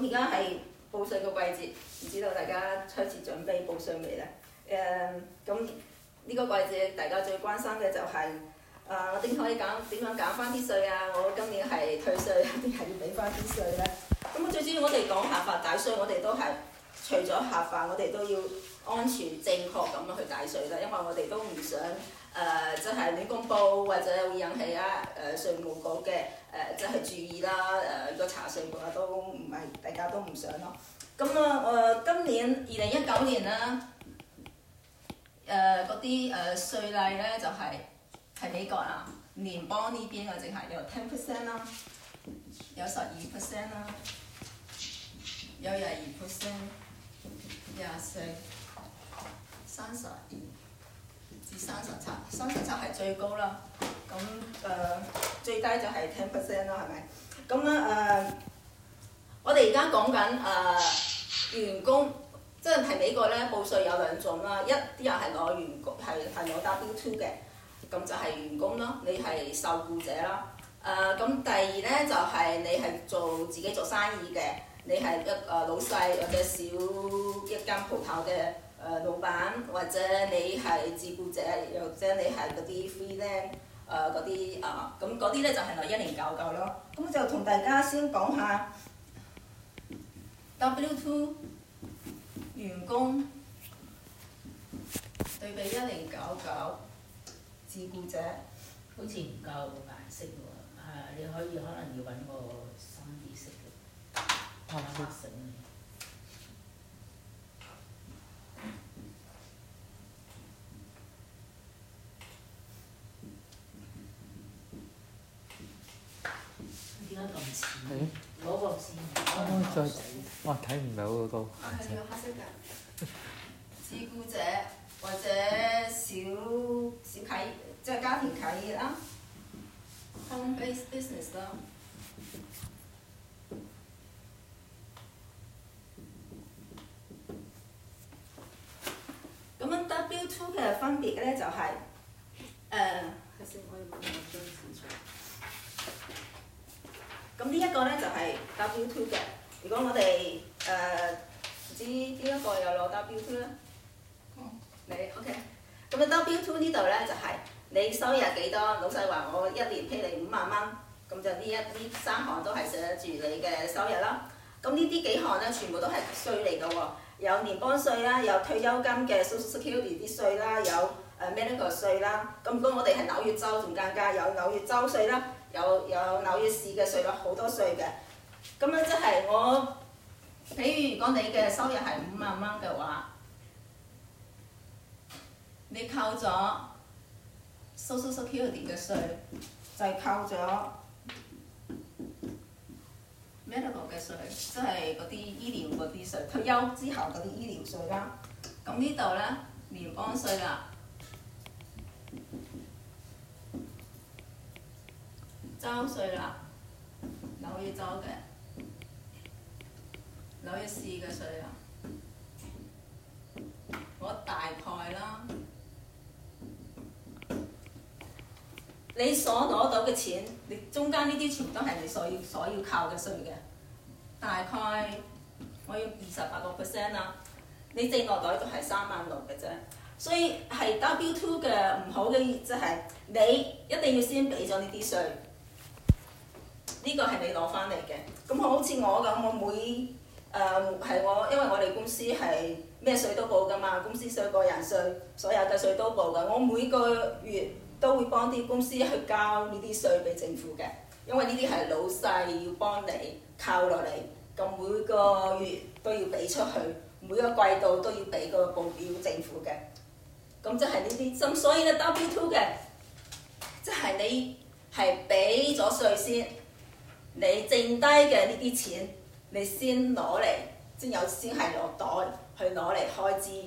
而家係報稅、uh, 個季節，唔知道大家開始準備報稅未咧？誒，咁呢個季節大家最關心嘅就係、是，我、uh, 點可以減點樣減翻啲稅啊？我今年係退稅，定係要俾翻啲稅咧。咁最主要我哋講合法抵稅，我哋都係除咗合法，我哋都要安全正確咁去抵稅啦，因為我哋都唔想。誒，即係你公佈或者會引起啊，誒、呃、稅務局嘅誒，即係注意啦，誒個、呃、查稅嘅話都唔係，大家都唔想咯。咁啊，誒，今年二零一九年啦，誒嗰啲誒稅例咧就係、是、係美國啊聯邦呢邊啊淨係有 ten percent 啦，有十二 percent 啦，有廿二 percent、廿四、三十二。至三十七，三十七係最高啦。咁誒、呃、最低就係 ten percent 啦，係咪？咁咧誒，我哋而家講緊誒員工，即係喺美國咧，報稅有兩種啦。一啲人係攞員工，係係攞 W two 嘅，咁就係員工啦。你係受雇者啦。誒、呃、咁第二咧就係、是、你係做自己做生意嘅，你係一誒、呃、老細或者小一間鋪頭嘅。誒、呃、老板，或者你係自雇者，又或者你係嗰啲 free 咧、呃，誒嗰啲啊，咁嗰啲咧就係我一零九九咯。咁就同大家先講下、嗯呃、W two 員工對比一零九九自雇者，好似唔夠顏色喎、啊，你可以可能要揾個三二四六八八成。像哇！睇唔到嗰個。係兩黑色㗎，自雇者或者小小企，即係家庭企業啦，home base business 咯。咁樣 W two 嘅分別呢就係、是，誒、呃。咁呢一個呢就係、是、W two 嘅。如果我哋誒唔知邊一個有攞 W two 咧，你、oh, OK？咁啊 W two 呢度咧就係、是、你收入幾多？老細話我一年 pay 你五萬蚊，咁就一呢一啲三項都係寫住你嘅收入啦。咁呢啲幾項咧，全部都係稅嚟嘅喎，有年邦稅啦，有退休金嘅 Social Security 啲稅啦，有誒、呃、Medical 稅啦。咁如果我哋係紐約州，仲更加有紐約州稅啦，有有紐約,約市嘅稅啦，好多稅嘅。咁樣即係我，譬如如果你嘅收入係五萬蚊嘅話，你扣咗 social security 嘅稅，稅，就係扣咗 medical 嘅稅，即係嗰啲醫療嗰啲稅，退休之後嗰啲醫療稅啦。咁呢度咧聯邦稅啦，州稅啦，紐約州嘅。州州攞一試嘅稅啊。我大概啦，你所攞到嘅錢，你中間呢啲全部都係你所要所要扣嘅稅嘅。大概我要二十八個 percent 啦，你淨落袋都係三萬六嘅啫。所以係 W two 嘅唔好嘅，即係你一定要先俾咗呢啲稅，呢個係你攞翻嚟嘅。咁好似我咁，我每誒係、um, 我，因為我哋公司係咩稅都報噶嘛，公司稅、個人稅、所有嘅稅都報噶。我每個月都會幫啲公司去交呢啲稅俾政府嘅，因為呢啲係老細要幫你扣落嚟，咁每個月都要俾出去，每個季度都要俾個報表政府嘅。咁即係呢啲，咁所以咧，W2 嘅，即係你係俾咗稅先，你剩低嘅呢啲錢。你先攞嚟，先有先係攞袋去攞嚟開支。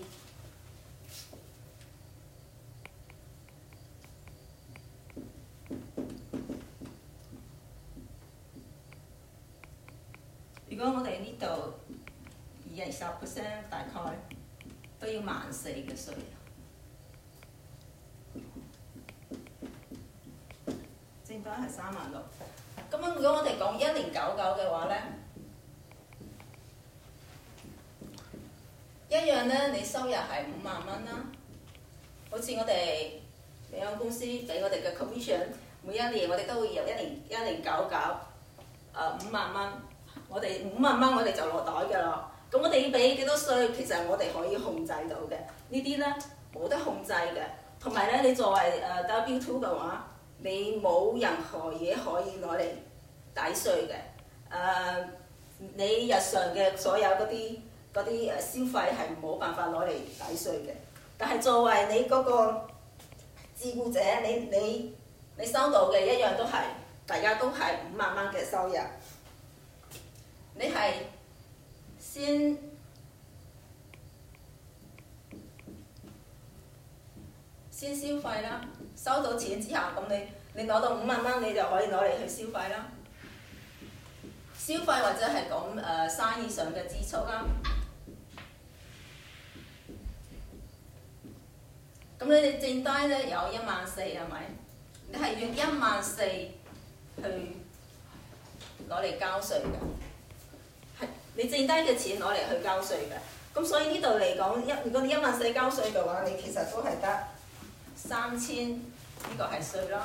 如果我哋呢度二二十 percent 大概都要萬四嘅稅，淨翻係三萬六。咁樣如果我哋講一年九九嘅話呢。一樣咧，你收入係五萬蚊啦。好似我哋保險公司俾我哋嘅 commission，每一年我哋都會有一年一年九九誒、呃、五萬蚊，我哋五萬蚊我哋就落袋嘅咯。咁我哋要俾幾多稅？其實我哋可以控制到嘅。呢啲咧冇得控制嘅。同埋咧，你作為誒 W2 嘅話，你冇任何嘢可以攞嚟抵稅嘅。誒、呃，你日常嘅所有嗰啲，嗰啲誒消費係冇辦法攞嚟抵稅嘅，但係作為你嗰個自僱者，你你你收到嘅一樣都係，大家都係五萬蚊嘅收入，嗯、你係先先消費啦，收到錢之後咁你你攞到五萬蚊，你就可以攞嚟去消費啦，消費或者係咁誒生意上嘅支出啦。咁你哋剩低咧有一萬四係咪？你係用一萬四去攞嚟交稅㗎？係，你剩低嘅錢攞嚟去交稅㗎。咁所以呢度嚟講，一如果你一萬四交稅嘅話，你其實都係得三千，呢個係稅咯。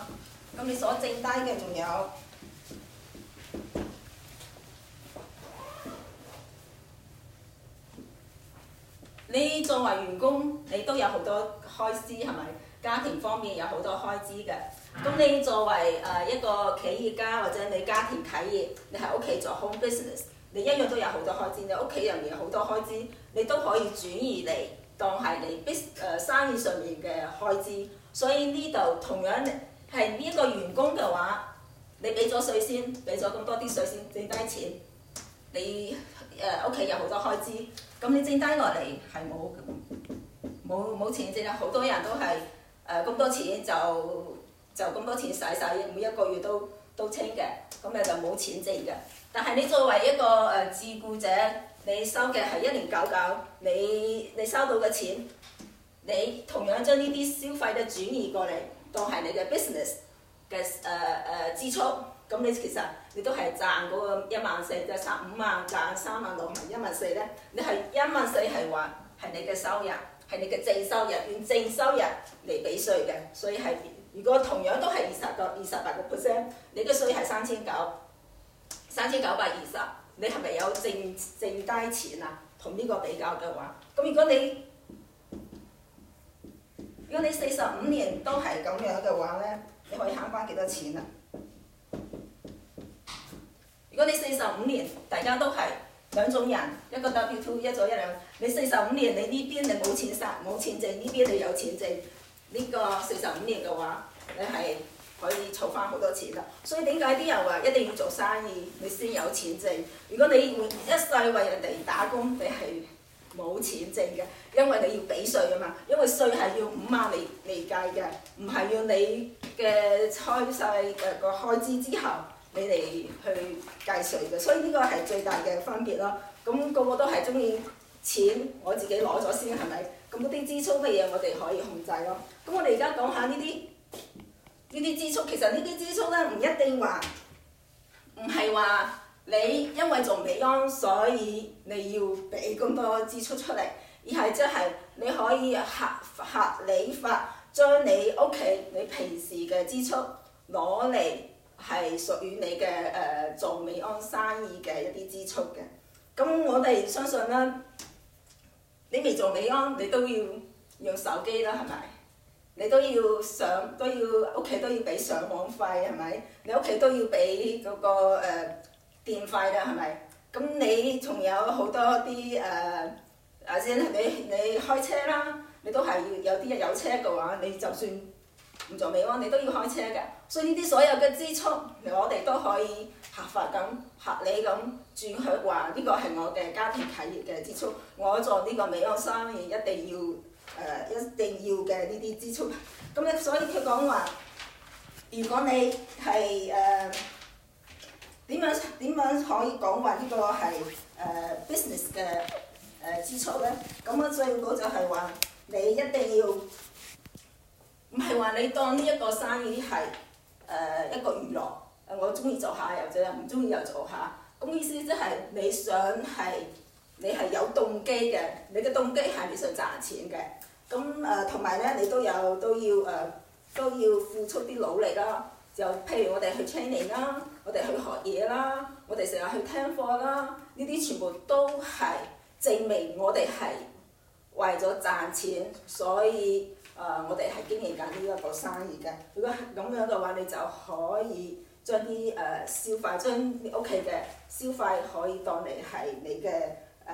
咁你所剩低嘅仲有。你作為員工，你都有好多開支，係咪？家庭方面有好多開支嘅。咁你作為誒一個企業家，或者你家庭企業，你喺屋企做 home business，你一樣都有好多開支。你屋企人有好多開支，你都可以轉移嚟當係你 b 生意上面嘅開支。所以呢度同樣係呢一個員工嘅話，你俾咗稅先，俾咗咁多啲稅先，剩低錢，你誒屋企有好多開支。咁你剩低落嚟，係冇冇冇錢剩啦，好多人都係誒咁多錢就，就就咁多錢使晒，每一個月都都清嘅，咁你就冇錢剩嘅。但係你作為一個誒、呃、自僱者，你收嘅係一年九九，你你收到嘅錢，你同樣將呢啲消費嘅轉移過嚟，當係你嘅 business 嘅誒誒、呃呃、支出。咁你其實你都係賺嗰個一萬四，就係五萬減三萬六係一萬四咧。你係一萬四係話係你嘅收入，係你嘅淨收入，用淨收入嚟俾稅嘅。所以係如果同樣都係二十個二十八個 percent，你嘅稅係三千九，三千九百二十，你係咪有剩剩低錢啊？同呢個比較嘅話，咁如果你如果你四十五年都係咁樣嘅話咧，你可以慳翻幾多錢啊？四十五年，大家都係兩種人，一個 W two，一左一右。你四十五年，你呢邊你冇錢賺，冇錢剩；呢邊你有錢剩。呢、這個四十五年嘅話，你係可以儲返好多錢啦。所以點解啲人話一定要做生意，你先有錢剩。如果你一世為人哋打工，你係冇錢剩嘅，因為你要俾稅啊嘛。因為稅係要五萬嚟嚟計嘅，唔係要你嘅開曬誒個開支之後。你哋去計稅嘅，所以呢個係最大嘅分別咯。咁、那個個都係中意錢，我自己攞咗先係咪？咁嗰啲支出嘅嘢，我哋可以控制咯。咁我哋而家講下呢啲呢啲支出，其實呢啲支出咧，唔一定話唔係話你因為做美安，所以你要俾咁多支出出嚟，而係即係你可以合合理化，將你屋企你平時嘅支出攞嚟。係屬於你嘅誒做美安生意嘅一啲支出嘅。咁我哋相信啦，你未做美安，你都要用手機啦，係咪？你都要上，都要屋企都要俾上網費，係咪？你屋企都要俾嗰、那個誒、呃、電費啦，係咪？咁你仲有好多啲誒，阿、呃、先、呃、你你開車啦，你都係要有啲有車嘅話，你就算。唔做美安，你都要開車嘅，所以呢啲所有嘅支出，我哋都可以合法咁、合理咁轉去話呢、這個係我嘅家庭企業嘅支出。我做呢個美安生意一定要誒、呃，一定要嘅呢啲支出。咁咧，所以佢講話，如果你係誒點樣點樣可以講話呢個係誒、呃、business 嘅誒、呃、支出咧？咁啊，最緊要就係話你一定要。唔係話你當呢一個生意係誒、呃、一個娛樂，我中意做下又咋，唔中意又做下。咁意思即、就、係、是、你想係你係有動機嘅，你嘅動機係你想賺錢嘅。咁誒同埋咧，你都有都要誒、呃、都要付出啲努力啦。就譬如我哋去 training 啦，我哋去學嘢啦，我哋成日去聽課啦，呢啲全部都係證明我哋係為咗賺錢，所以。誒、呃，我哋係經營緊呢一個生意嘅。如果咁樣嘅話，你就可以將啲誒消費，將屋企嘅消費可以當嚟係你嘅誒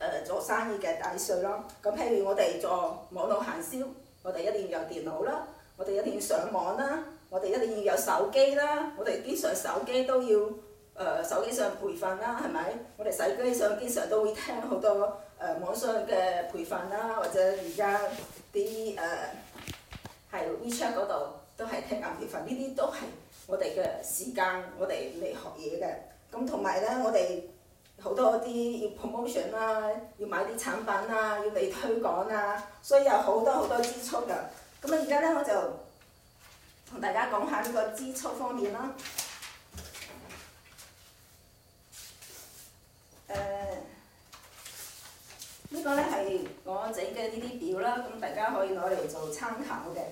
誒做生意嘅大稅咯。咁、呃、譬如我哋做網絡行銷，我哋一定要有電腦啦，我哋一定要上網啦，我哋一定要有手機啦，我哋經常手機都要誒、呃、手機上培訓啦，係咪？我哋手機上經常都會聽好多。誒、呃、網上嘅培訓啦、啊，或者而家啲誒係、呃、WeChat 嗰度都係聽緊培訓，呢啲都係我哋嘅時間，我哋嚟學嘢嘅。咁同埋咧，我哋好多啲要 promotion 啦、啊，要買啲產品啦、啊，要嚟推廣啦、啊，所以有好多好多支出㗎。咁啊，而家咧我就同大家講下呢個支出方面啦、啊。參考嘅。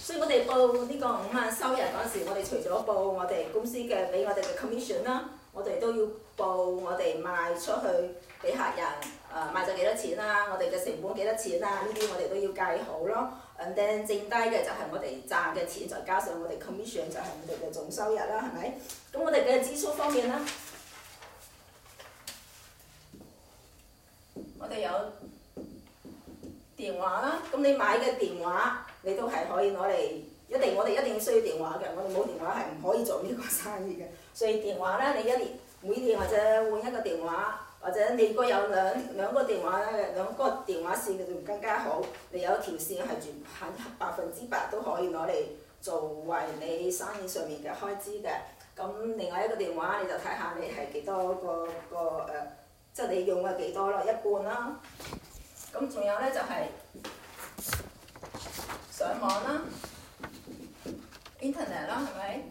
所以我哋報呢個五萬收入陣時，我哋除咗報我哋公司嘅俾我哋嘅 commission 啦，我哋都要報我哋賣出去俾客人，誒、呃、賣咗幾多錢啦、啊，我哋嘅成本幾多錢啦、啊，呢啲我哋。計好咯，誒掟剩低嘅就係我哋賺嘅錢，再加上我哋 commission 就係我哋嘅總收入啦，係咪？咁我哋嘅支出方面啦，我哋有電話啦。咁你買嘅電話，你都係可以攞嚟，一定我哋一定要需要電話嘅，我哋冇電話係唔可以做呢個生意嘅。所以電話咧，你一年每年或者換一個電話。或者你如果有兩兩個電話嘅兩個電話線嘅，就更加好，你有條線係全百百分之百都可以攞嚟做為你生意上面嘅開支嘅。咁另外一個電話你就睇下你係幾多個個誒，即、呃、係、就是、你用嘅幾多咯，一半啦。咁仲有咧就係、是、上網啦，Internet 啦，係咪？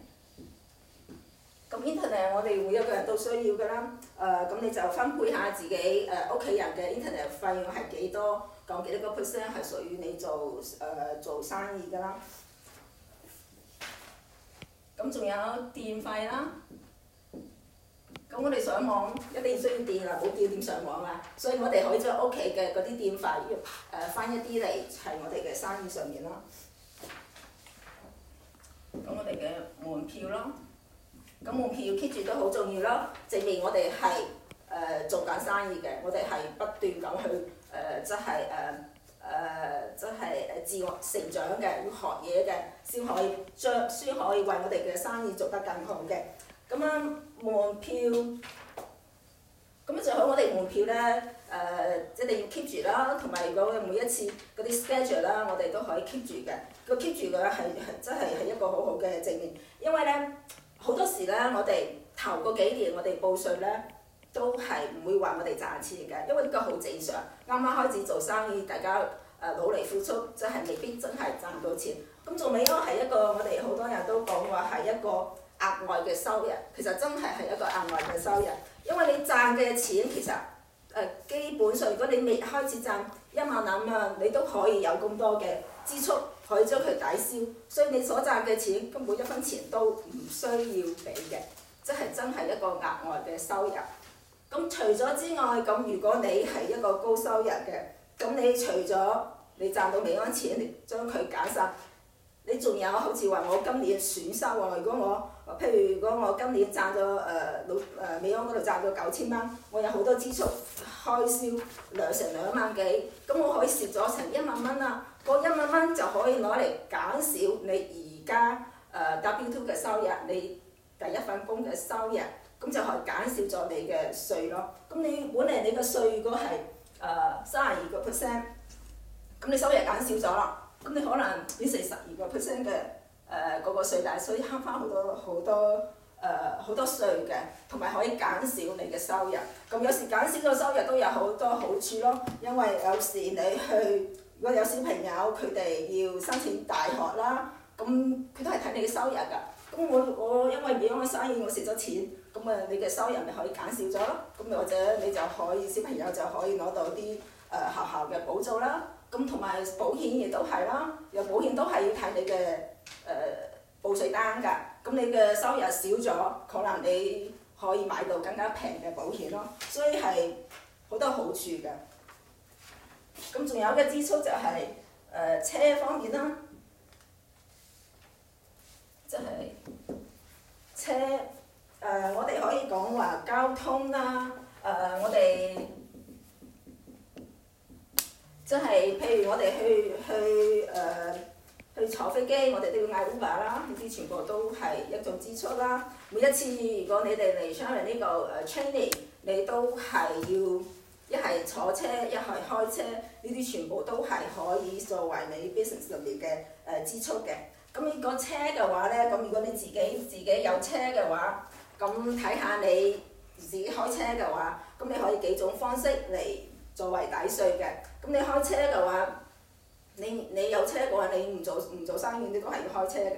咁 Internet 我哋每一個人都需要㗎啦。誒咁你就分配下自己誒屋企人嘅 internet 費用係幾多，講幾多個 percent 係屬於你做誒做生意㗎啦。咁仲有電費啦。咁我哋上網一定需要電啊，冇電點上網啊。所以我哋可以將屋企嘅嗰啲電費誒翻一啲嚟喺我哋嘅生意上面咯。咁我哋嘅門票咯。咁門票要 keep 住都好重要咯，證明我哋係誒做緊生意嘅，我哋係不斷咁去誒，即係誒誒，即係誒自我成長嘅，要學嘢嘅，先可以將先可以為我哋嘅生意做得更好嘅。咁樣門票，咁樣最好我哋門票咧誒一定要 keep 住啦，同埋如果每一次嗰啲 schedule 啦，我哋都可以 keep 住嘅，個 keep 住嘅係真係係一個好好嘅證明，因為咧。好多時咧，我哋頭個幾年我哋報稅咧，都係唔會話我哋賺錢嘅，因為呢個好正常。啱啱開始做生意，大家誒、呃、努力付出，即係未必真係賺到錢。咁做美安係一個我哋好多人都講話係一個額外嘅收入，其實真係係一個額外嘅收入，因為你賺嘅錢其實誒、呃、基本上，如果你未開始賺一萬兩萬，你都可以有咁多嘅支出。佢將佢抵消，所以你所賺嘅錢，根本一分錢都唔需要俾嘅，即係真係一個額外嘅收入。咁除咗之外，咁如果你係一個高收入嘅，咁你除咗你賺到美安錢，你將佢減曬，你仲有好似話我今年損失喎。如果我譬如如果我今年賺咗誒老誒美安嗰度賺咗九千蚊，我有好多支出開銷，兩成兩萬幾，咁我可以蝕咗成一萬蚊啦。個一萬蚊就可以攞嚟減少你而家誒 W-2 嘅收入，你第一份工嘅收入，咁就可以減少咗你嘅稅咯。咁你本嚟你嘅稅果係誒三十二個 percent，咁你收入減少咗啦，咁你可能變成十二個 percent 嘅誒嗰個稅底，所以慳翻好多好多誒好多稅嘅，同埋可以減少你嘅收入。咁有時減少個收入都有好多好處咯，因為有時你去。如果有小朋友，佢哋要申請大學啦，咁佢都係睇你嘅收入噶。咁我我因為唔樣嘅生意，我蝕咗錢，咁啊你嘅收入咪可以減少咗咯。咁或者你就可以小朋友就可以攞到啲誒、呃、學校嘅補助啦。咁同埋保險亦都係啦，有保險都係要睇你嘅誒、呃、報稅單噶。咁你嘅收入少咗，可能你可以買到更加平嘅保險咯。所以係好多好處嘅。咁仲有一個支出就係誒車方面啦，即係車誒，我哋可以講話交通啦。誒，我哋即係譬如我哋去去誒去坐飛機，我哋都要嗌 Uber 啦，呢啲全部都係一種支出啦。每一次如果你哋嚟參與呢個誒 training，你都係要。一係坐車，一係開車，呢啲全部都係可以作為你 business 入面嘅誒支出嘅。咁你個車嘅話呢，咁如果你自己自己有車嘅話，咁睇下你自己開車嘅話，咁你可以幾種方式嚟作為抵稅嘅。咁你開車嘅話，你你有車嘅話，你唔做唔做生意，你都係要開車㗎。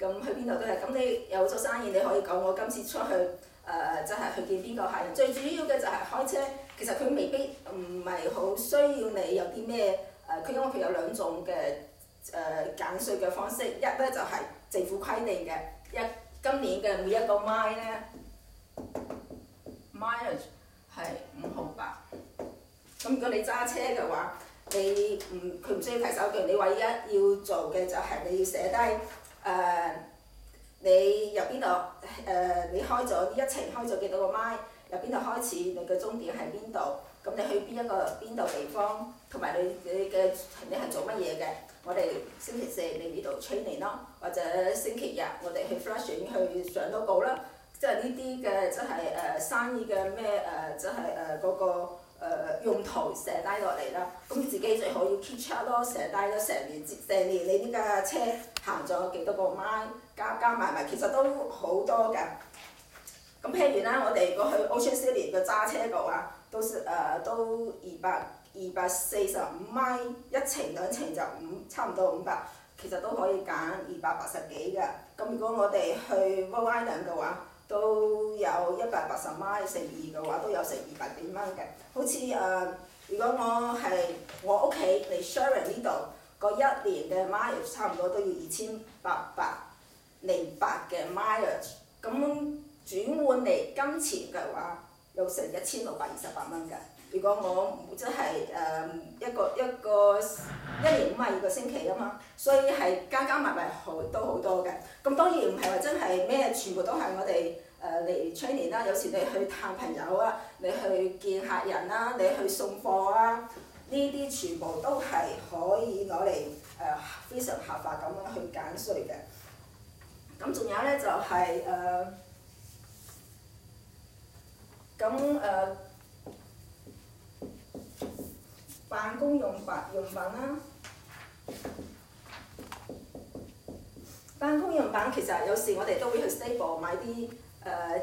咁去邊度都係。咁你有做生意，你可以講我今次出去。誒，即係、呃就是、去見邊個客人，最主要嘅就係開車。其實佢未必唔係好需要你有啲咩誒，佢、呃、因為佢有兩種嘅誒減稅嘅方式，一咧就係、是、政府規定嘅一今年嘅每一個 mile 咧 mile 係五毫八。咁 mile is,、嗯、如果你揸車嘅話，你唔佢唔需要提手續，你唯一要做嘅就係你要寫低誒、呃、你入邊度。誒、呃，你開咗一齊開咗幾多個 mile，由邊度開始，你嘅終點係邊度？咁你去邊一個邊度地方？同埋你你嘅你係做乜嘢嘅？我哋星期四你呢度 training 咯，或者星期日我哋去 flash 去上多個啦。即係呢啲嘅，即係誒生意嘅咩誒，即係誒嗰個用途寫低落嚟啦。咁、嗯、自己就可以 chat 咯，寫低咗成年成年你呢架車行咗幾多個 mile? 加加埋埋其實都好多嘅。咁譬如咧，我哋如果去 Ocean City 嘅揸車嘅話，都誒、呃、都二百二百四十五米，一程兩程就五差唔多五百，其實都可以揀二百八十幾嘅。咁如果我哋去 Vodafone 嘅話，都有一百八十米乘二嘅話都有成二百幾蚊嘅。好似誒、呃，如果我係我屋企嚟 sharing 呢度，個一年嘅 mile 差唔多都要二千八百。零八嘅 mileage，咁轉換嚟金錢嘅話，有成一千六百二十八蚊嘅。如果我即係誒一個一個一年五萬二五十二個星期啊嘛，所以係加加埋埋好都好多嘅。咁當然唔係話真係咩，全部都係我哋誒嚟 training 啦。有時你去探朋友啊，你去見客人啦，你去送貨啊，呢啲全部都係可以攞嚟誒非常合法咁樣去減稅嘅。咁仲有呢、就係，就係誒，咁誒辦公用品用品啦，辦公用品，辦公用品其實有時我哋都會去 Staples 買啲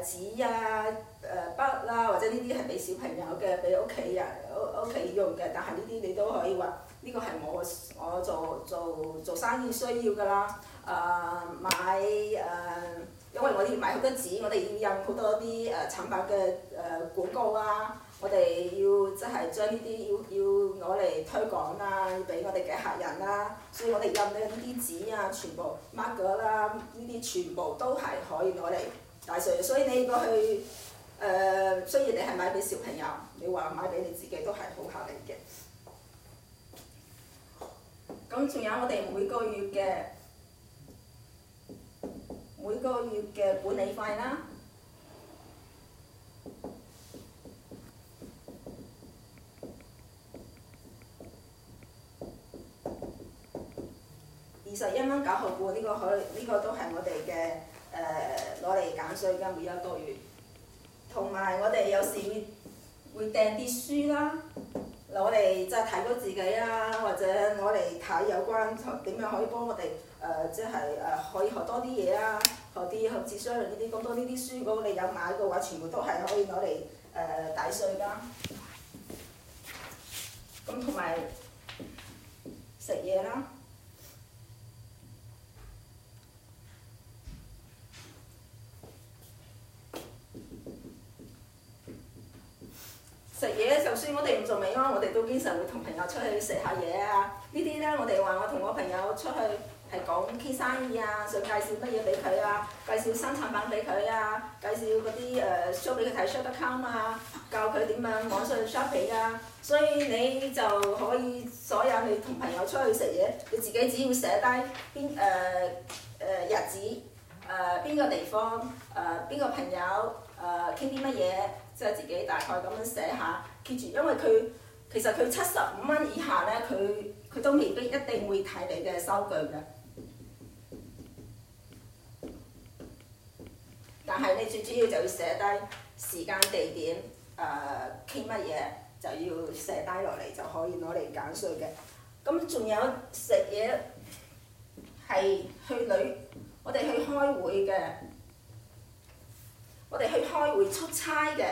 誒紙啊、誒筆啦，或者呢啲係俾小朋友嘅，俾屋企人屋屋企用嘅。但係呢啲你都可以話呢、呢個係我我做做做生意需要噶啦。誒、uh, 買誒，uh, 因為我哋要買好多紙，我哋要印好多啲誒產品嘅誒廣告啊，我哋要即係將呢啲要要攞嚟推廣啊，要俾我哋嘅客人啦、啊，所以我哋印嘅呢啲紙啊，全部 mark 啦，呢啲、啊、全部都係可以攞嚟抵稅，所以你過去誒，雖、uh, 然你係買俾小朋友，你話買俾你自己都係好合理嘅。咁仲有我哋每個月嘅。每個月嘅管理費啦，二十一蚊九毫半呢個可呢、呢個都係我哋嘅誒攞嚟減稅嘅，每一個月，同埋我哋有時會，會訂啲書啦，攞嚟哋即係睇到自己啊，或者攞嚟睇有關點樣可以幫我哋。誒、呃，即係誒、呃，可以學多啲嘢啊，學啲好似商業呢啲咁多呢啲書，如果你有買嘅話，全部都係可以攞嚟誒抵稅噶。咁同埋食嘢啦，食嘢就算我哋唔做尾啊，我哋都經常會同朋友出去食下嘢啊。呢啲呢，我哋話我同我朋友出去。係講傾生意啊！想介紹乜嘢俾佢啊？介紹新產品俾佢啊！介紹嗰啲誒 show 俾佢睇 show 得 come 啊！教佢點樣網上 shopping 啊！所以你就可以所有你同朋友出去食嘢，你自己只要寫低邊誒誒日子誒邊、呃、個地方誒邊、呃、個朋友誒傾啲乜嘢，即、呃、係自己大概咁樣寫下 keep 住，因為佢其實佢七十五蚊以下咧，佢佢都未必一定會睇你嘅收據嘅。但係你最主要就要寫低時間地點，誒傾乜嘢就要寫低落嚟就可以攞嚟減稅嘅。咁仲有食嘢係去旅，我哋去開會嘅，我哋去開會出差嘅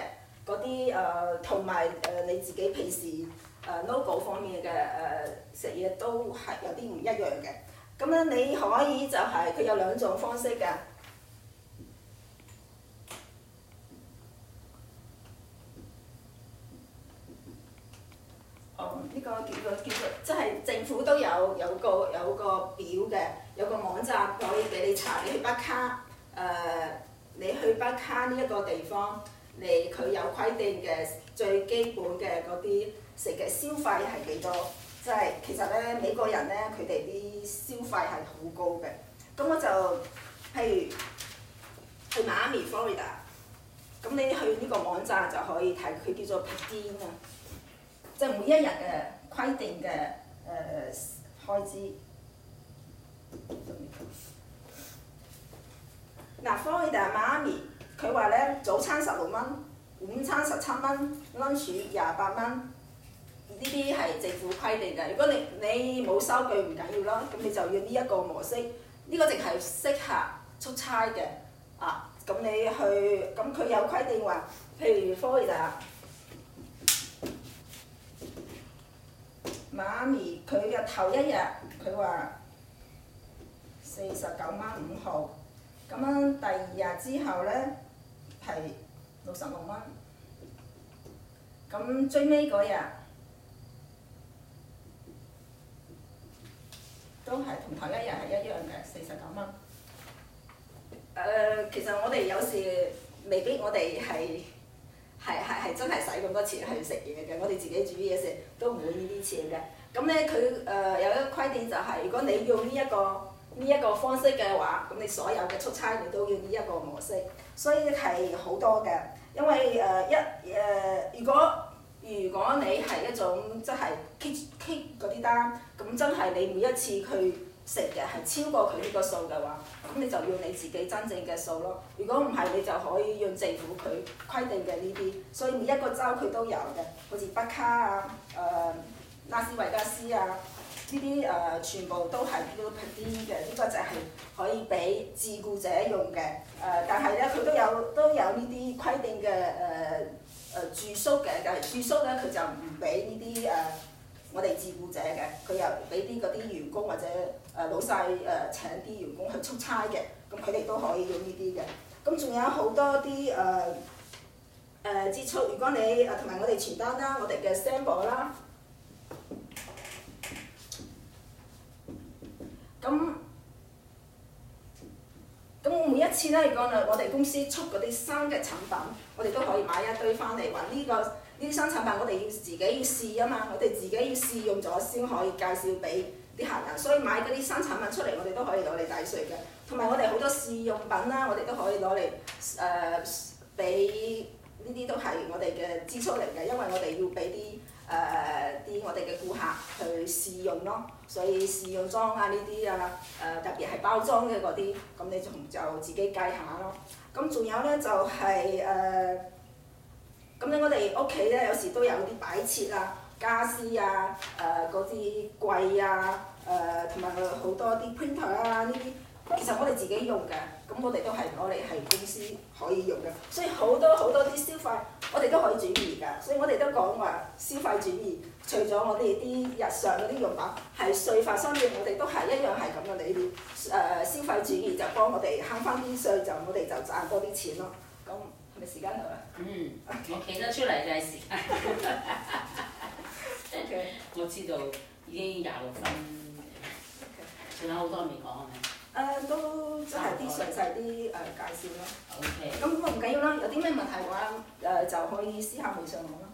嗰啲誒，同埋誒你自己平時誒、呃、logo 方面嘅誒、呃、食嘢都係有啲唔一樣嘅。咁樣你可以就係、是、佢有兩種方式嘅。哦，呢、oh, 這個叫做叫做，即係政府都有有個有個表嘅，有個網站可以俾你查。你去北卡，誒、呃，你去北卡呢一個地方，嚟佢有規定嘅最基本嘅嗰啲食嘅消費係幾多？即係其實咧，美國人咧，佢哋啲消費係好高嘅。咁我就譬如去 Miami, Florida，咁你去呢個網站就可以睇，佢叫做 per diem 啊。即係每一日嘅規定嘅誒、呃、開支。嗱、啊，Florida 媽咪佢話咧，早餐十六蚊，午餐十七蚊，lunch 廿八蚊。呢啲係政府規定嘅，如果你你冇收據唔緊要咯，咁你就要呢一個模式。呢、這個淨係適合出差嘅。啊，咁你去，咁佢有規定話，譬如 Florida 媽咪佢嘅頭一日佢話四十九蚊五毫，咁樣第二日之後咧係六十六蚊，咁最尾嗰日都係同頭一日係一樣嘅四十九蚊。誒、呃，其實我哋有時未必我哋係。係係係真係使咁多錢去食嘢嘅，我哋自己煮嘢食都唔會呢啲錢嘅。咁咧佢誒有一個規定就係、是，如果你用呢、這、一個呢一、這個方式嘅話，咁你所有嘅出差你都要呢一個模式。所以係好多嘅，因為誒、呃、一誒、呃、如果如果你係一種即係 kick kick 嗰啲單，咁真係你每一次去。食嘅係超過佢呢個數嘅話，咁你就要你自己真正嘅數咯。如果唔係，你就可以用政府佢規定嘅呢啲。所以每一個州佢都有嘅，好似北卡啊、誒、呃、拉斯維加斯啊，呢啲誒全部都係呢個 p 嘅、e。呢個就係可以俾自雇者用嘅。誒、呃，但係咧佢都有都有呢啲規定嘅誒誒住宿嘅，但係住宿咧佢就唔俾呢啲誒。呃我哋自僱者嘅，佢又俾啲嗰啲員工或者誒老細誒、呃、請啲員工去出差嘅，咁佢哋都可以用呢啲嘅。咁仲有好多啲誒誒支出，如果你誒同埋我哋傳單啦，我哋嘅 sample 啦，咁咁我每一次咧嚟講啊，我哋公司出嗰啲新嘅產品，我哋都可以買一堆翻嚟揾呢個。呢啲新產品我哋要自己要試啊嘛，我哋自己要試用咗先可以介紹俾啲客人，所以買嗰啲新產品出嚟我哋都可以攞嚟抵稅嘅。同埋我哋好多試用品啦，我哋都可以攞嚟誒，俾呢啲都係我哋嘅支出嚟嘅，因為我哋要俾啲誒啲我哋嘅顧客去試用咯，所以試用裝啊呢啲啊誒、呃、特別係包裝嘅嗰啲，咁你仲就自己計下咯，咁仲有咧就係、是、誒。呃咁我哋屋企咧有時都有啲擺設啊、家私啊、誒嗰啲櫃啊、誒同埋好多啲 printer 啊呢啲，其實我哋自己用嘅，咁我哋都係我哋係公司可以用嘅，所以好多好多啲消費，我哋都可以轉移噶，所以我哋都講話消費轉移。除咗我哋啲日常嗰啲用品，係稅法方面，我哋都係一樣係咁嘅理念。誒、呃，消費轉移就幫我哋慳翻啲稅，就我哋就賺多啲錢咯。嘅時間度啊，嗯，我企 Okay. 得出嚟就係時間。即 係 Okay. 我知道已經廿六分仲 Okay. 有好多未講。係咪？誒，都即係啲詳細啲誒介紹咯，OK，咁唔緊要啦，有啲咩問題嘅話，誒、呃，就可以私下去上網啦。